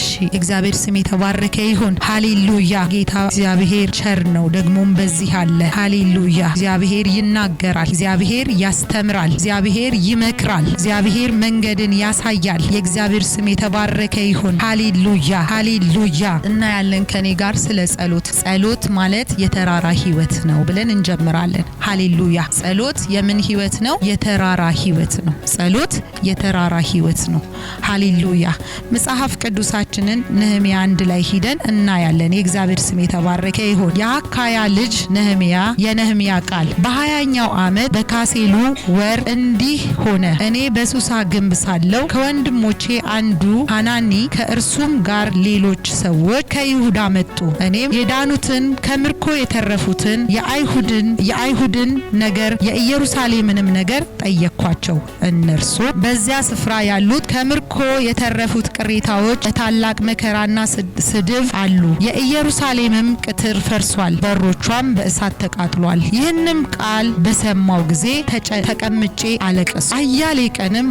እሺ እግዚአብሔር ስም የተባረከ ይሁን። ሃሌሉያ። ጌታ እግዚአብሔር ቸር ነው፣ ደግሞም በዚህ አለ። ሃሌሉያ። እግዚአብሔር ይናገራል፣ እግዚአብሔር ያስተምራል፣ እግዚአብሔር ይመክራል፣ እግዚአብሔር መንገድን ያሳያል። የእግዚአብሔር ስም የተባረከ ይሁን። ሃሌሉያ፣ ሃሌሉያ። እና ያለን ከኔ ጋር ስለ ጸሎት ጸሎት ማለት የተራራ ህይወት ነው ብለን እንጀምራለን። ሃሌሉያ። ጸሎት የምን ህይወት ነው? የተራራ ህይወት ነው። ጸሎት የተራራ ህይወት ነው። ሃሌሉያ። መጽሐፍ ቅዱሳ ታሪኮቻችንን ነህሚያ አንድ ላይ ሂደን እናያለን። የእግዚአብሔር ስም የተባረከ ይሁን። የአካያ ልጅ ነህሚያ የነህሚያ ቃል በሀያኛው ዓመት በካሴሉ ወር እንዲህ ሆነ። እኔ በሱሳ ግንብ ሳለው ከወንድሞቼ አንዱ አናኒ ከእርሱም ጋር ሌሎች ሰዎች ከይሁዳ መጡ። እኔም የዳኑትን ከምርኮ የተረፉትን የአይሁድን የአይሁድን ነገር የኢየሩሳሌምንም ነገር ጠየቅኳቸው። እነርሱ በዚያ ስፍራ ያሉት ከምርኮ የተረፉት ቅሬታዎች በታላ ታላቅ መከራና ስድብ አሉ። የኢየሩሳሌምም ቅጥር ፈርሷል፣ በሮቿም በእሳት ተቃጥሏል። ይህንም ቃል በሰማው ጊዜ ተቀምጬ አለቀሱ፣ አያሌ ቀንም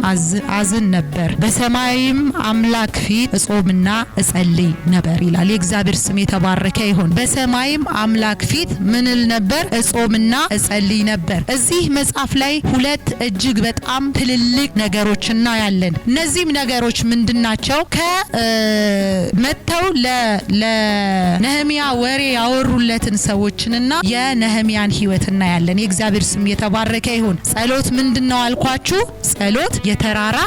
አዝን ነበር። በሰማይም አምላክ ፊት እጾምና እጸልይ ነበር ይላል። የእግዚአብሔር ስም የተባረከ ይሆን። በሰማይም አምላክ ፊት ምንል ነበር? እጾምና እጸልይ ነበር። እዚህ መጽሐፍ ላይ ሁለት እጅግ በጣም ትልልቅ ነገሮች እናያለን። እነዚህም ነገሮች ምንድናቸው? ከ መጥተው ለነህሚያ ወሬ ያወሩለትን ሰዎችንና የነህሚያን ህይወት እናያለን። የእግዚአብሔር ስም የተባረከ ይሁን። ጸሎት ምንድን ነው አልኳችሁ? ጸሎት የተራራ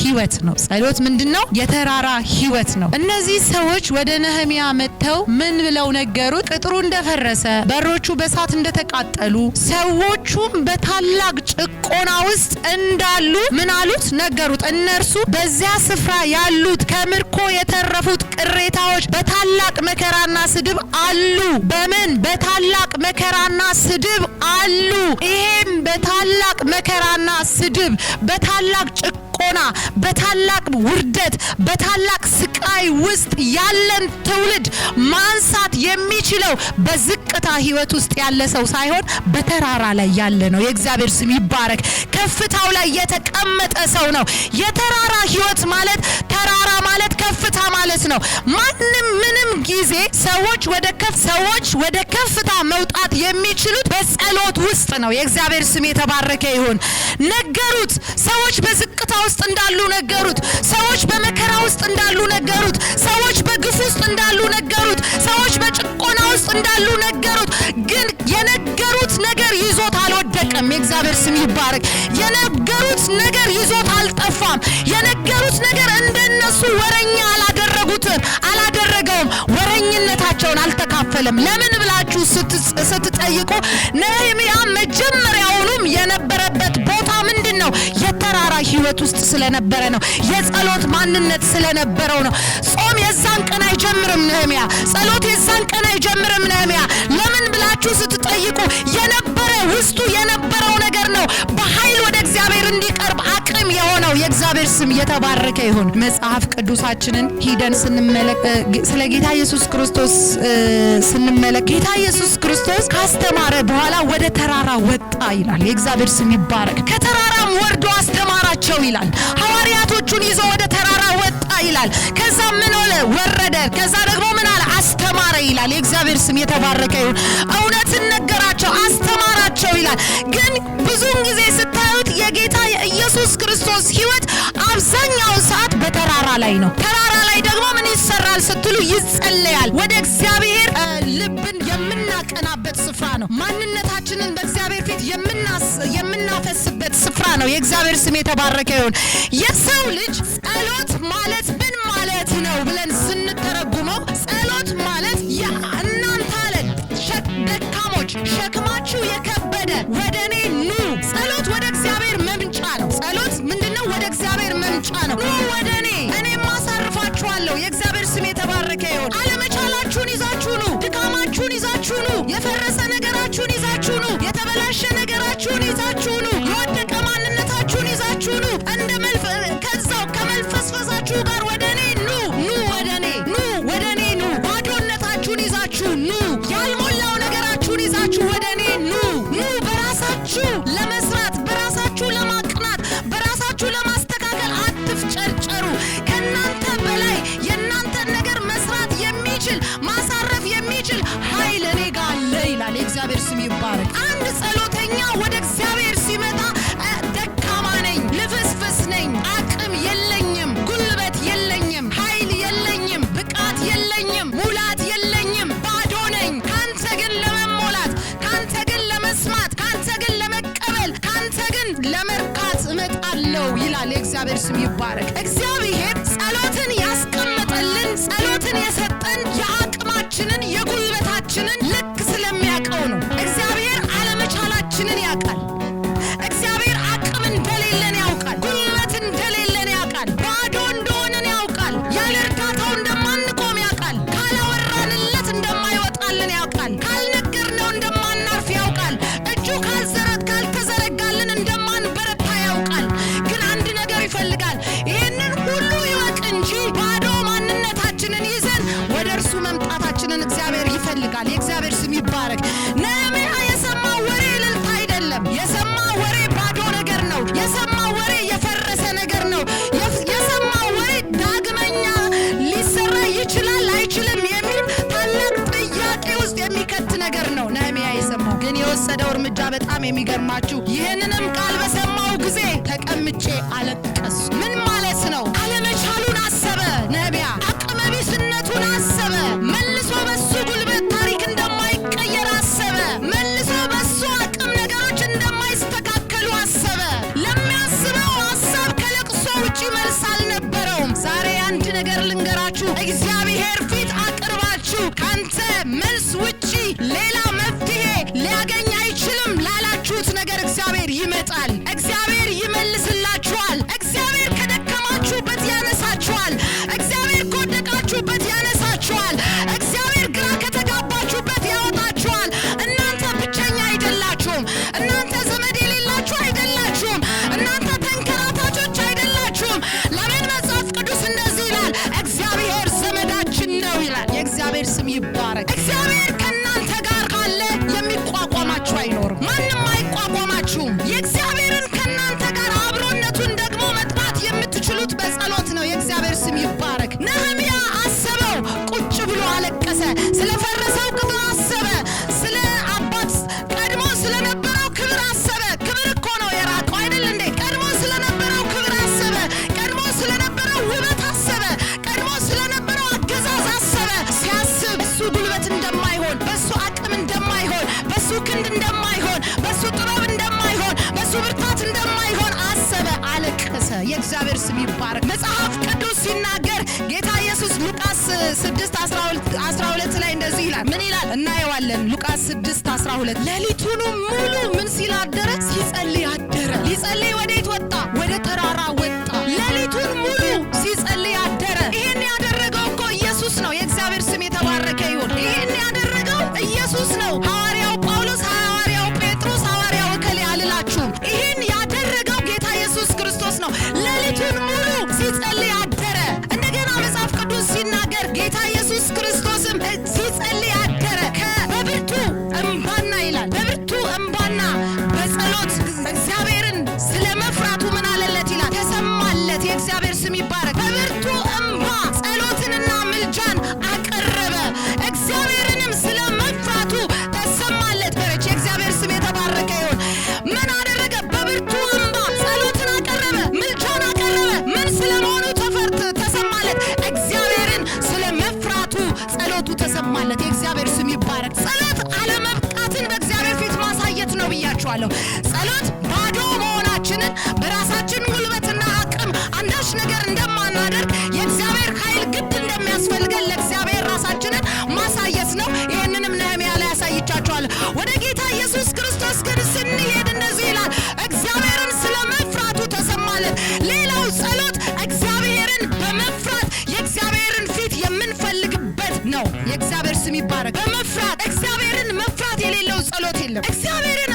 ህይወት ነው። ጸሎት ምንድን ነው? የተራራ ህይወት ነው። እነዚህ ሰዎች ወደ ነህሚያ መጥተው ምን ብለው ነገሩት? ቅጥሩ እንደፈረሰ፣ በሮቹ በሳት እንደተቃጠሉ፣ ሰዎቹም በታላቅ ጭቆና ውስጥ እንዳሉ ምን አሉት? ነገሩት። እነርሱ በዚያ ስፍራ ያሉት ከምርኮ የተረፉት ቅሬታዎች በታላቅ መከራና ስድብ አሉ። በምን በታላቅ መከራና ስድብ አሉ። ይሄም በታላቅ መከራና ስድብ በታላቅ ጭቆና ጭቆና፣ በታላቅ ውርደት፣ በታላቅ ስቃይ ውስጥ ያለን ትውልድ ማንሳት የሚችለው በዝቅታ ህይወት ውስጥ ያለ ሰው ሳይሆን በተራራ ላይ ያለ ነው። የእግዚአብሔር ስም ይባረክ። ከፍታው ላይ የተቀመጠ ሰው ነው። የተራራ ህይወት ማለት ተራራ ማለት ከፍታ ማለት ነው። ማንም ምንም ጊዜ ሰዎች ወደ ከፍ ሰዎች ወደ ከፍታ መውጣት የሚችሉት በጸሎት ውስጥ ነው። የእግዚአብሔር ስም የተባረከ ይሁን። ነገሩት ሰዎች በዝቅታው ውስጥ እንዳሉ ነገሩት። ሰዎች በመከራ ውስጥ እንዳሉ ነገሩት። ሰዎች በግፍ ውስጥ እንዳሉ ነገሩት። ሰዎች በጭቆና ውስጥ እንዳሉ ነገሩት። ግን የነገሩት ነገር ይዞት አልወደቀም። የእግዚአብሔር ስም ይባረክ። የነገሩት ነገር ይዞት አልጠፋም። የነገሩት ነገር እንደነሱ ወረኛ አላደረጉትም፣ አላደረገውም። ወረኝነታቸውን አልተካፈለም። ለምን ብላችሁ ስትጠይቁ ነህምያ መጀመሪያውኑም የነበረበት ቦታ ምን ነው። የተራራ ህይወት ውስጥ ስለነበረ ነው። የጸሎት ማንነት ስለነበረው ነው። ጾም የዛን ቀን አይጀምርም ነህሚያ። ጸሎት የዛን ቀን አይጀምርም ነህሚያ። ለምን ብላ ስም የተባረከ ይሁን። መጽሐፍ ቅዱሳችንን ሂደን ስለ ጌታ ኢየሱስ ክርስቶስ ስንመለክ ጌታ ኢየሱስ ክርስቶስ ካስተማረ በኋላ ወደ ተራራ ወጣ ይላል። የእግዚአብሔር ስም ይባረክ። ከተራራም ወርዶ አስተማራቸው ይላል። ሐዋርያቶቹን ይዞ ወደ ተራራ ወጣ ይላል። ከዛ ምን ሆነ? ወረደ። ከዛ ደግሞ ምን አለ? አስተማረ ይላል። የእግዚአብሔር ስም የተባረከ ይሁን። እውነትን ነገራቸው፣ አስተማራቸው ይላል። ግን ብዙውን ጊዜ ስታዩት የጌታ የኢየሱስ ክርስቶስ ህይወት አብዛኛውን ሰዓት በተራራ ላይ ነው። ተራራ ላይ ደግሞ ምን ይሰራል ስትሉ ይጸለያል። ወደ እግዚአብሔር ልብን የምናቀናበት ስፍራ ነው። ማንነታችንን በእግዚአብሔር ፊት የምናፈስበት ስፍራ ነው። የእግዚአብሔር ስም የተባረከ ይሁን። የሰው ልጅ ጸሎት ማለት ምን ማለት ነው ብለን ስንተረጉመው I'll a Exame, Exame, የሚገርማችሁ ይህንንም ቃል በሰማው ጊዜ ተቀምቼ አለቀስ ምን ማለት ነው? አለመቻሉን አሰበ ነቢያ። አቅመቢስነቱን አሰበ። መልሶ በሱ ጉልበት ታሪክ እንደማይቀየር አሰበ። መልሶ በሱ አቅም ነገሮች እንደማይስተካከሉ አሰበ። ለሚያስበው ሀሳብ ከለቅሶ ውጪ መልስ አልነበረውም። ዛሬ አንድ ነገር ልንገራችሁ፣ እግዚአብሔር ፊት አቅርባችሁ ከአንተ መልስ ውጭ ይመጣል። ይባረክ። መጽሐፍ ቅዱስ ሲናገር ጌታ ኢየሱስ ሉቃስ 6 12 ላይ እንደዚህ ይላል። ምን ይላል? እናየዋለን። ሉቃስ 6 12 ሌሊቱን ሙሉ ምን ሲል አደረ? ሲጸልይ አደረ። ሊጸልይ ወዴት ወጣ? ወደ ተራራ ወጣ። የተሰማለት የእግዚአብሔር ስም ይባረክ። ጸሎት አለመምጣትን በእግዚአብሔር ፊት ማሳየት ነው ብያችኋለሁ። ጸሎት ባዶ መሆናችንን በራሳችን ጉልበትና አቅም አንዳች ነገር እንደማናደርግ ነው። የእግዚአብሔር ስም ይባረክ። በመፍራት እግዚአብሔርን መፍራት የሌለው ጸሎት የለም። እግዚአብሔርን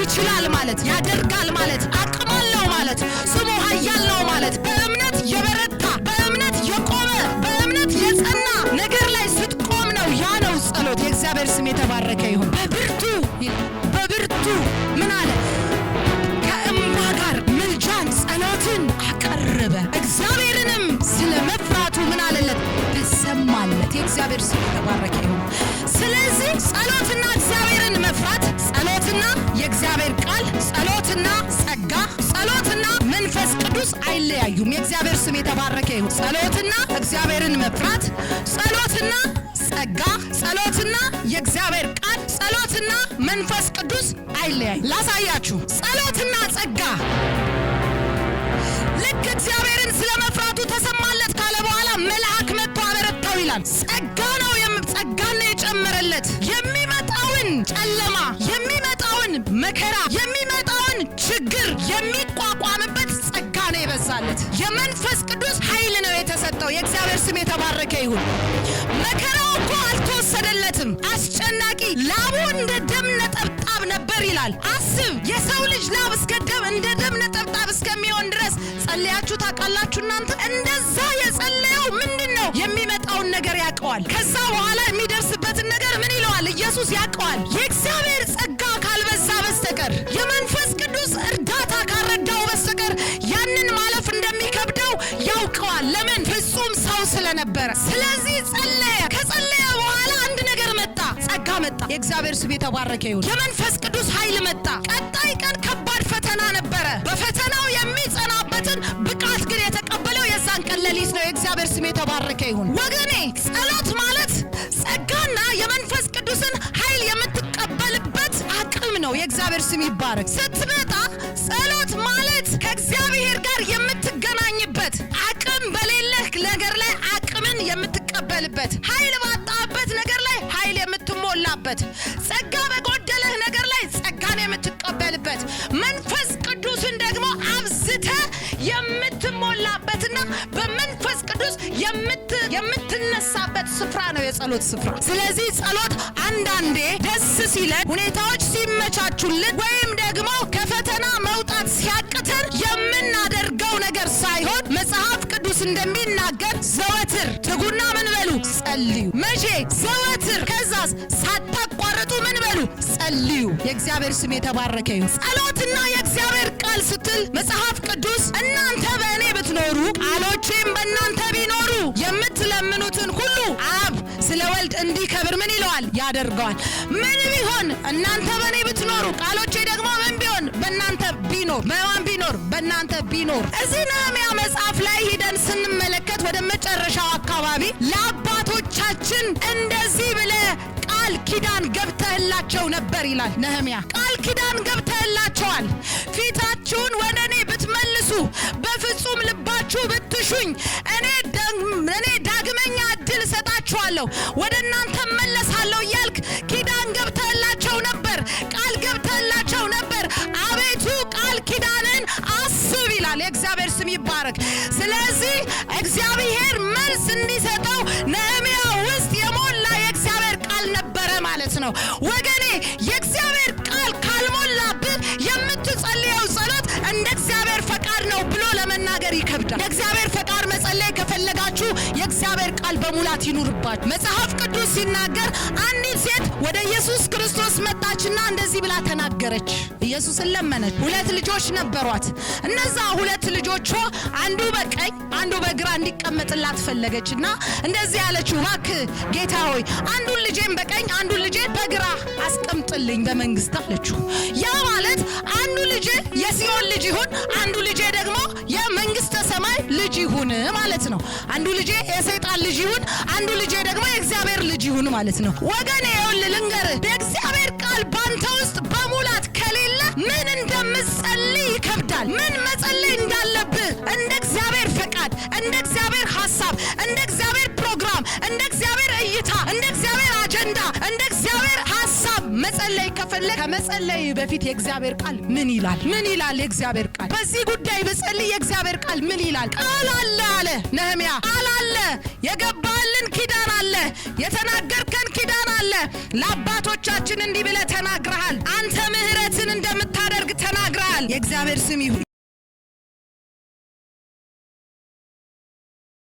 ይችላል ማለት ያደርጋል ማለት አቅም አለው ማለት ስሙ ኃያል ነው ማለት በእምነት የበረታ በእምነት የቆመ በእምነት የጸና ነገር ላይ ስትቆም ነው። ያ ነው ጸሎት። የእግዚአብሔር ስም የተባረከ ይሁን። በብርቱ በብርቱ ምን አለ? ከእምባ ጋር ምልጃን ጸሎትን አቀረበ። እግዚአብሔርንም ስለ መፍራቱ ምን አለለት? ተሰማለት። የእግዚአብሔር ስም የተባረከ ይሁን። ስለዚህ ጸሎትና እግዚአብሔር ቅዱስ አይለያዩም። የእግዚአብሔር ስም የተባረከ ይሁን። ጸሎትና እግዚአብሔርን መፍራት፣ ጸሎትና ጸጋ፣ ጸሎትና የእግዚአብሔር ቃል፣ ጸሎትና መንፈስ ቅዱስ አይለያዩ። ላሳያችሁ ጸሎትና ጸጋ ልክ እግዚአብሔርን ስለ መፍራቱ ተሰማለት ካለ በኋላ መልአክ መጥቶ አበረታው ይላል። ጸጋ ነው ጸጋን የጨመረለት የሚመጣውን ጨለማ የሚመጣውን መከራ ይሁን። መከራው እኮ አልተወሰደለትም። አስጨናቂ ላቡ እንደ ደም ነጠብጣብ ነበር ይላል። አስብ፣ የሰው ልጅ ላብ እስከ ደም እንደ ደም ነጠብጣብ እስከሚሆን ድረስ ጸልያችሁ ታውቃላችሁ እናንተ? እንደዛ የጸለየው ምንድን ነው? የሚመጣውን ነገር ያውቀዋል። ከዛ በኋላ የሚደርስበትን ነገር ምን ይለዋል? ኢየሱስ ያውቀዋል። የእግዚአብሔር ጸጋ ካልበዛ በስተቀር የመንፈስ ነበረ። ስለዚህ ጸለየ። ከጸለየ በኋላ አንድ ነገር መጣ፣ ጸጋ መጣ። የእግዚአብሔር ስም የተባረከ ይሁን። የመንፈስ ቅዱስ ኃይል መጣ። ቀጣይ ቀን ከባድ ፈተና ነበረ። በፈተናው የሚጸናበትን ብቃት ግን የተቀበለው የዛን ቀን ሌሊት ነው። የእግዚአብሔር ስም የተባረከ ይሁን ወገኔ። ጸሎት ማለት ጸጋና የመንፈስ ቅዱስን ኃይል የምትቀበልበት አቅም ነው። የእግዚአብሔር ስም ይባረክ። ስትመጣ ጸሎት ማለት ከእግዚአብሔር ጋር የምትገናኝ የምትሞላበት ኃይል ባጣበት ነገር ላይ ኃይል የምትሞላበት ጸጋ በጎደለህ ነገር ላይ ጸጋን የምትቀበልበት መንፈስ ቅዱስን ደግሞ አብዝተ የምትሞላበትና በመንፈስ ቅዱስ የምትነሳበት ስፍራ ነው የጸሎት ስፍራ። ስለዚህ ጸሎት አንዳንዴ ደስ ሲለን፣ ሁኔታዎች ሲመቻቹልን፣ ወይም ደግሞ ከፈተና መውጣት ሲያቅተን የምናደርገው ነገር ሳይሆን መጽሐፍ ቅዱስ እንደሚናገር ዘወትር ጸልዩ። መቼ? ዘወትር። ከዛስ? ሳታቋርጡ ምን በሉ? ጸልዩ። የእግዚአብሔር ስም የተባረከ ይሁን። ጸሎትና የእግዚአብሔር ቃል ስትል መጽሐፍ ቅዱስ እናንተ በእኔ ብትኖሩ ቃሎቼም በእናንተ ቢኖሩ የምትለምኑትን ሁሉ አብ ስለ ወልድ እንዲከብር ምን ይለዋል? ያደርገዋል። ምን ቢሆን እናንተ በእኔ ብትኖሩ ቃሎቼ ደግሞ ምን ቢሆን በእናንተ ቢኖር በማን ቢኖር በእናንተ ቢኖር እዚህ ነህምያ መጽሐፍ ላይ ሄደን ስንመለከት ወደ መጨረሻው አካባቢ ለአባቶቻችን እንደዚህ ብለ ቃል ኪዳን ገብተህላቸው ነበር ይላል ነህምያ። ቃል ኪዳን ገብተህላቸዋል። ፊታችሁን ወደ እኔ ብትመልሱ፣ በፍጹም ልባችሁ ብትሹኝ፣ እኔ እኔ ዳግመኛ እድል እሰጣችኋለሁ፣ ወደ እናንተ መለሳለሁ እያልክ ስም ይባረክ። ስለዚህ እግዚአብሔር መልስ እንዲሰጠው ነህምያ ውስጥ የሞላ የእግዚአብሔር ቃል ነበረ ማለት ነው ወገኔ። የእግዚአብሔር ቃል ካልሞላብህ የምትጸልየው ጸሎት እንደ እግዚአብሔር ፈቃድ ነው ብሎ ለመናገር ይከብዳል። የእግዚአብሔር ፈቃድ መጸለይ ከፈለጋችሁ የእግዚአብሔር ቃል በሙላት ይኑርባችሁ። መጽሐፍ ቅዱስ ሲናገር አንዲት ሴት ወደ ኢየሱስ ክርስቶስ መጣችና እንደዚህ ብላ ተናገረች። ኢየሱስን ለመነች። ሁለት ልጆች ነበሯት። እነዛ ሁለት ልጆቿ አንዱ በቀኝ አንዱ በግራ እንዲቀመጥላት ፈለገችና እንደዚህ ያለችው፣ እባክህ ጌታ ሆይ አንዱን ልጄን በቀኝ አንዱን ልጄን በግራ አስቀምጥልኝ በመንግስት አለችው። ያ ማለት አንዱ ልጄ የሲኦን ልጅ ይሁን፣ አንዱ ልጄ ደግሞ የመንግስተ ሰማይ ልጅ ይሁን ማለት ነው። አንዱ ልጄ የሰይጣን ልጅ ልጅ ይሁን፣ አንዱ ልጄ ደግሞ የእግዚአብሔር ልጅ ይሁን ማለት ነው። ወገን ይኸውልህ ልንገር፣ የእግዚአብሔር ቃል ባንተ ውስጥ በሙላት ከሌለ ምን እንደምጸልይ ይከብዳል። ምን መጸለይ እንዳለብህ እንደ እግዚአብሔር ፈቃድ፣ እንደ እግዚአብሔር ሀሳብ እንደ እግዚአብሔር መጸለይ ከፈለግ ከመጸለይ በፊት የእግዚአብሔር ቃል ምን ይላል? ምን ይላል የእግዚአብሔር ቃል? በዚህ ጉዳይ ብጸልይ የእግዚአብሔር ቃል ምን ይላል? ቃል አለ አለ ነህምያ። ቃል አለ፣ የገባልን ኪዳን አለ፣ የተናገርከን ኪዳን አለ። ለአባቶቻችን እንዲህ ብለህ ተናግረሃል። አንተ ምህረትን እንደምታደርግ ተናግረሃል። የእግዚአብሔር ስም ይሁን